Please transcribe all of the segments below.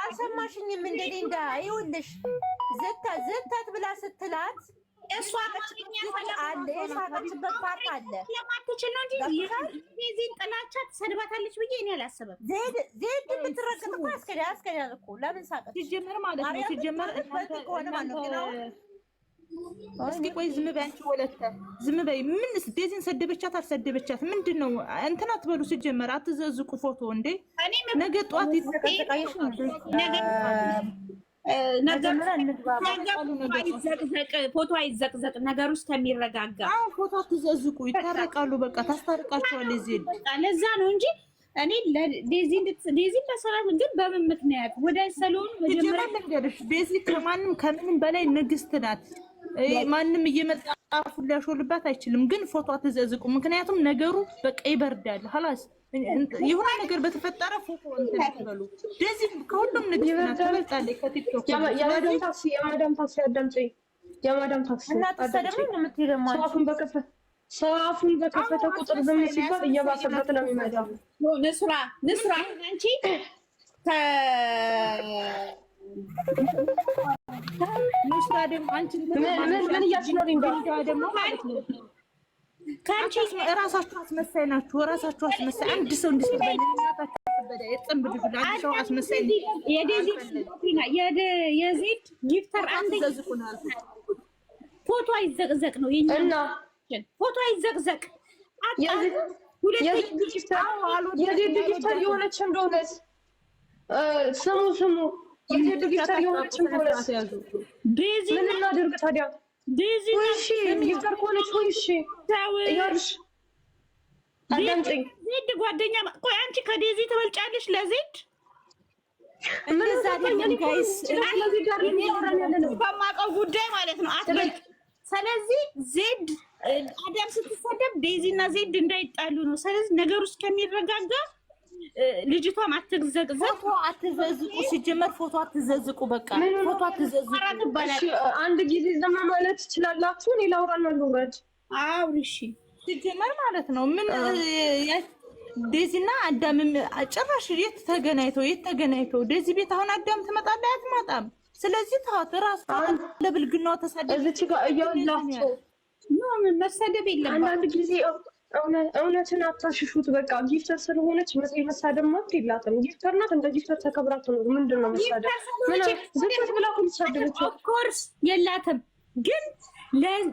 አልሰማሽኝም? እንደኔ እንዳ ይኸውልሽ ዘታ ዘታት ብላ ስትላት አለ የሳቀችበት ፓርት አለ ለማትችል ጥላቻ ትሰድባታለች ብዬ እኔ አላሰበም። ዜድ ዜድ ብትረግጥ እኮ ያስከዳል እኮ ለምን ሳቀች? ሲጀመር ማለት ነው ሲጀመር ከሆነ ማለት ነው እስኪ ቆይ ዝም በይ አንቺ ወለተ ዝም በይ። ምን ዴዚን ሰደበቻት አልሰደበቻት ምንድን ነው እንትን አትበሉ። ሲጀመር አትዘዝቁ ፎቶ እንዴ ነገ ጠዋት ይዘቀዘቃየሽ ፎቶ አይዘቅዘቅ። ነገር ውስጥ ከሚረጋጋ ፎቶ አትዘዝቁ። ይታረቃሉ። በቃ ታስታርቃቸዋል። ዜድ ለዛ ነው እንጂ እኔ ዴዚ ለሰራት ግን በምን ምክንያት ወደ ሰሎን መጀመሪያ ዴዚ ከማንም ከምንም በላይ ንግስት ናት። ማንም እየመጣ ፉ ሊያሾልባት አይችልም። ግን ፎቶ አትዘዝቁ፣ ምክንያቱም ነገሩ በቃ ይበርዳል። ሀላስ የሆነ ነገር በተፈጠረ ፎቶ እንትን ደዚህ ከሁሉም ንግድ ናት ከቲክቶክ የማዳም ታክሲ የማዳም ታክሲ አዳምጪኝ፣ የማዳም ታክሲ ሰው አፉን በከፈተ ቁጥር ዝም ሲባል እየባሰበት ነው የሚመጣው። ንስራ ንስራ አንቺ በኋላ ከአንቺ እራሳችሁ አስመሳይ ናችሁ። እራሳችሁ አስመሳይ አንድ ሰው የዜድ ጊፍተር ፎቶ አይዘቅዘቅ ነው የእኛ ፎቶ አይዘቅዘቅ። የዜድ ጊፍተር የሆነች ስሙ ስሙ ዜድ ጓደኛ ቆይ፣ አንቺ ከዴዚ ትበልጫለሽ ለዜድ በማውቀው ጉዳይ ማለት ነው። አትበልጭ። ስለዚህ ዜድ አዳም ስትሰደብ ዴዚ እና ዜድ እንዳይጣሉ ነው። ስለዚህ ነገሩ እስከሚረጋጋ ልጅቷም አትዘቅዘቅ። ፎቶ አትዘዝቁ፣ ሲጀመር ፎቶ አትዘዝቁ። በቃ ፎቶ አትዘዝቁ። አንድ ጊዜ ዝም ማለት ትችላላችሁ። እኔ ላውራና ልውረድ። አዎ እሺ። ሲጀመር ማለት ነው ምን ዴዚና አዳምም ጭራሽ የት ተገናኝተው የት ተገናኝተው ዴዚ ቤት አሁን አዳም ትመጣለህ አትመጣም? ስለዚህ ተዋት። እራሱ ለብልግናው ተሳደ እዚች ጋር እያላቸው መሰደብ የለም አንዳንድ ጊዜ እውነትን አታሽሹት። በቃ ጊፍተር ስለሆነች የመሳደብ መብት የላትም። ጊፍተር ናት፣ እንደ ጊፍተር ተከብራት ነው። ምንድን ነው መሳደብ? ብላ ልትሳደበች ኦፍኮርስ የላትም። ግን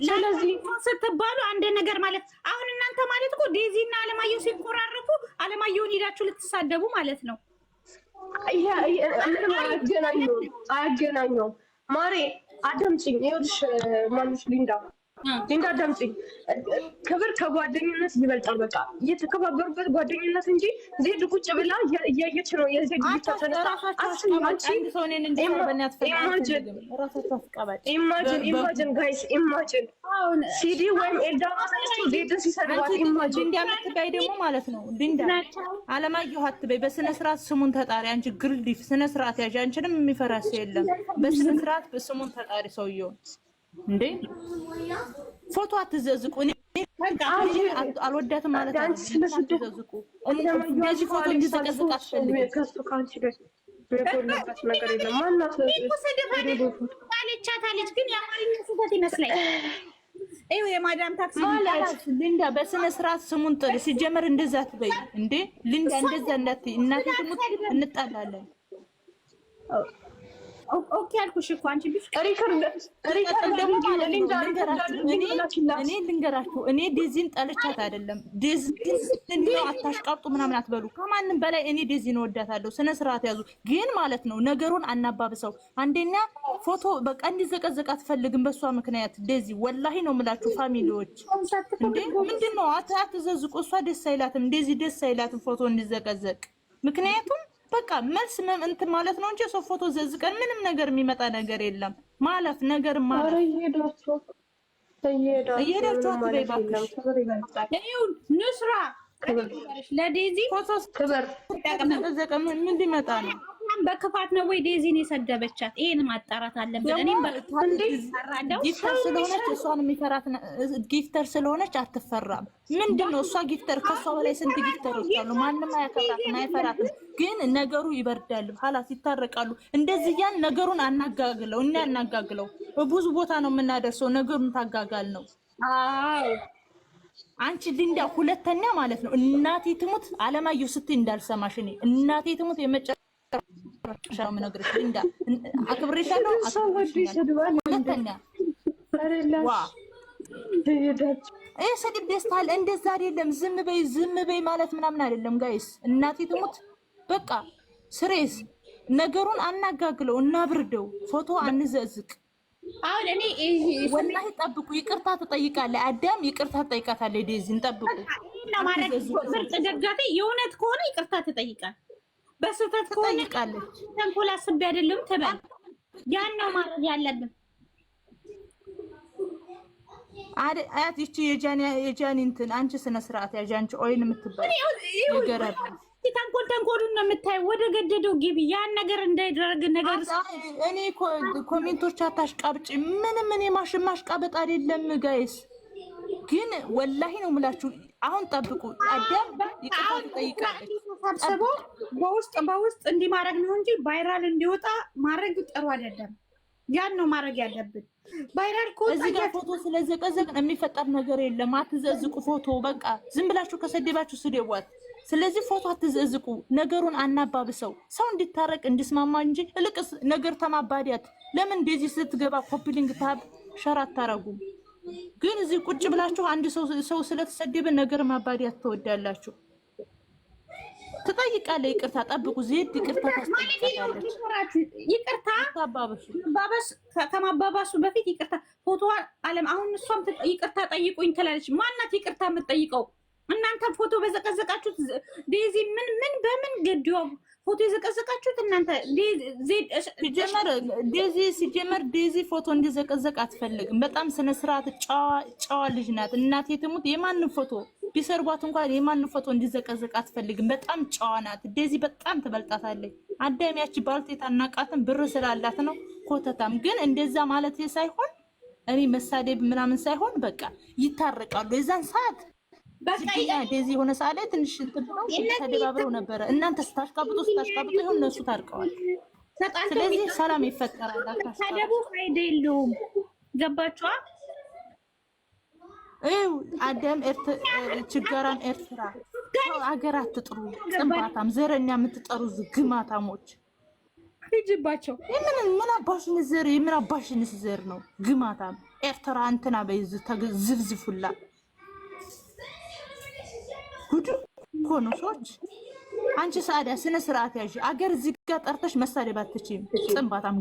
ስለዚህ ስትባሉ አንድ ነገር ማለት አሁን እናንተ ማለት እኮ ዴዚ እና አለማየሁ ሲኮራረፉ አለማየሁን ሄዳችሁ ልትሳደቡ ማለት ነው። አያገናኘውም። ማሬ አደምጪኝ። ይኸውልሽ ማንሽ ሊንዳ እንዳዳምጪ ክብር ከጓደኝነት ይበልጣል። በቃ የተከባበሩበት ጓደኝነት እንጂ ዜድ ቁጭ ብላ እያየች ነው የዜድ ብቻ ጋይስ ኢማጅን ሲዲ ወይም ዜድን ሲሰድባት ኢማጅን ደግሞ ማለት ነው ድንዳ አለማየሁ አትበይ። በስነ ስርዓት ስሙን ተጣሪ አንቺ ግርዲፍ ስነ ስርዓት ያዥ። አንቺንም የለም። በስነ ስርዓት ስሙን ተጣሪ ሰውየውን እንዴ ፎቶ አትዘዝቁ። አልወዳትም ማለት አትዘዝቁ። እንደዚህ ፎቶ እንዲዘቀዝቅ አትፈልግም። ግን የአማርኛ ስህተት ይመስለኛል። ይኸው የማዳም ታክሲ ሊንዳ በስነ ስርዓት ስሙን ጥሪ ሲጀመር እንደዛ አትበይ እንዴ ሊንዳ፣ እንደዛ እንዳትይ እናቴ ትሙት እንጣላለን። ኦኬ አልኩሽ እኮ አንቺ እኔ ልንገራችሁ፣ እኔ ዴዚን ጠልቻት አይደለም። ዴዚን አታሽቃብጡ ምናምን አትበሉ። ከማንም በላይ እኔ ዴዚን እወዳታለሁ። ስነ ስርዓት ያዙ። ግን ማለት ነው ነገሩን አናባብሰው። አንደኛ ፎቶ በቃ እንዲዘቀዘቅ አትፈልግም በእሷ ምክንያት ዴዚ። ወላሂ ነው የምላችሁ ፋሚሊዎች፣ ምንድን ነው አትዘዝቁ። እሷ ደስ አይላትም፣ ዴዚ ደስ አይላትም ፎቶ እንዲዘቀዘቅ ምክንያቱም በቃ መልስ እንትን ማለት ነው እንጂ ሰው ፎቶ ዘዝቀን ምንም ነገር የሚመጣ ነገር የለም። ማለፍ ነገር ማለፍ እየሄዳችሁ ለዴዚ ፎቶ ምን ሊመጣ ነው? እሷን በክፋት ነው ወይ ዴዚን የሰደበቻት? ይሄን ማጣራት አለብን። እኔም ስለሆነች እሷን የሚፈራት ጊፍተር ስለሆነች አትፈራም። ምንድን ነው እሷ ጊፍተር፣ ከእሷ በላይ ስንት ጊፍተሮች አሉ። ማንም አያከብራትም፣ አይፈራትም። ግን ነገሩ ይበርዳል፣ ሀላስ ይታረቃሉ። እንደዚህ ያን ነገሩን አናጋግለው፣ እኔ አናጋግለው። ብዙ ቦታ ነው የምናደርሰው። ነገሩን ታጋጋል ነው አዎ አንቺ ድንዳ ሁለተኛ ማለት ነው። እናቴ ትሙት አለማየሁ ስትይ እንዳልሰማሽ እኔ እናቴ ትሙት የመጨ ይህ ስድብ ደስታል። እንደዛ አይደለም። ዝም በይ ዝም በይ ማለት ምናምን አይደለም ጋይስ። እናቴ ትሙት በቃ ስሬስ ነገሩን አናጋግለው፣ እናብርደው፣ ፎቶ አንዘዝቅ። አሁን እኔ ወላሂ ጠብቁ፣ ይቅርታ ትጠይቃለህ። አዳም ይቅርታ ትጠይቃታለህ። ዴዚን ጠብቁ። ምርጥ ደጋፊ የእውነት ከሆነ ይቅርታ ትጠይቃል በስህተት ከሆነ ተንኮል አስቤ አይደለም ትበል። ያን ነው ማድረግ ያለብን። አያት ይቺ የጃኒ እንትን አንቺ ስነ ስርዓት ያጃንቺ አንቺ ኦይን የምትባል ይገረብ ተንኮል ተንኮሉን ነው የምታይ። ወደ ገደደው ግቢ። ያን ነገር እንዳይደረግ ነገር እኔ ኮሜንቶች አታሽቃብጭ። ምንም እኔ ማሽቃበጥ አይደለም ጋይስ፣ ግን ወላሂ ነው የምላችሁ። አሁን ጠብቁ። አዳም ይቅርታ ትጠይቃለች ታስበው በውስጥ በውስጥ እንዲህ ማድረግ ነው እንጂ ቫይራል እንዲወጣ ማድረግ ጥሩ አይደለም። ያን ነው ማድረግ ያለብን። ቫይራል እዚህ ጋር ፎቶ ስለዘቀዘቅ የሚፈጠር ነገር የለም። አትዘዝቁ ፎቶ በቃ ዝም ብላችሁ ከሰደባችሁ ስደቧት። ስለዚህ ፎቶ አትዘዝቁ፣ ነገሩን አናባብሰው ሰው እንዲታረቅ እንዲስማማ እንጂ እልቅስ ነገር ተማባዲያት ለምን እንደዚህ ስትገባ ኮፒሊንግ ታብ ሸር አታረጉም? ግን እዚህ ቁጭ ብላችሁ አንድ ሰው ስለተሰደበ ነገር ማባዲያት ትወዳላችሁ። ትጠይቃለህ። ይቅርታ ጠብቁ። ዜድ ይቅርታ ይቅርታ ማባበስ ከማባባሱ በፊት ይቅርታ ፎቶ አለም አሁን እሷም ይቅርታ ጠይቁኝ ትላለች። ማናት ይቅርታ የምትጠይቀው? እናንተ ፎቶ በዘቀዘቃችሁት ዴዚ ምን ምን በምን ገዲዮ ፎቶ የዘቀዘቃችሁት እናንተ ሲጀመር ዴዚ ሲጀመር ዴዚ ፎቶ እንዲዘቀዘቅ አትፈልግም። በጣም ስነስርዓት ጨዋ ልጅ ናት። እናቴ ትሙት የማንም ፎቶ ቢሰርቧት እንኳን የማን ፎቶ እንዲዘቀዘቅ አትፈልግም። በጣም ጨዋ ናት። እንደዚህ በጣም ትበልጣታለች። አዳሚያች ባልቴት አናቃትን ብር ስላላት ነው ኮተታም። ግን እንደዛ ማለት ሳይሆን እኔ መሳደብ ምናምን ሳይሆን በቃ ይታረቃሉ። የዛን ሰዓት ዴዚ የሆነ ሰዓት ላይ ትንሽ ተደባብረው ነበረ። እናንተ ስታሽቃብጡ ስታሽቃብጡ ይሁን እነሱ ታርቀዋል። ስለዚህ ሰላም ይፈጠራል። ታደቡ አይደሉም። ገባችኋል? ይኸው ችጋራም ኤርትራ አገር አትጥሩ። ጥንባታም ዘረኛ የምትጠሩ ግማታሞች ሂጅባቸው። ምን አባሽን ዘር የምን አባሽንስ ዘር ነው? ግማታም ኤርትራ እንትና ዝብዝፉላ እኮ ነው ሰዎች። አንቺ ሰአዳ ስነ ስርዓት ያዥ። አገር እዚህ ጋር ጠርተሽ መሳደብ አትችይም። ጥንባታም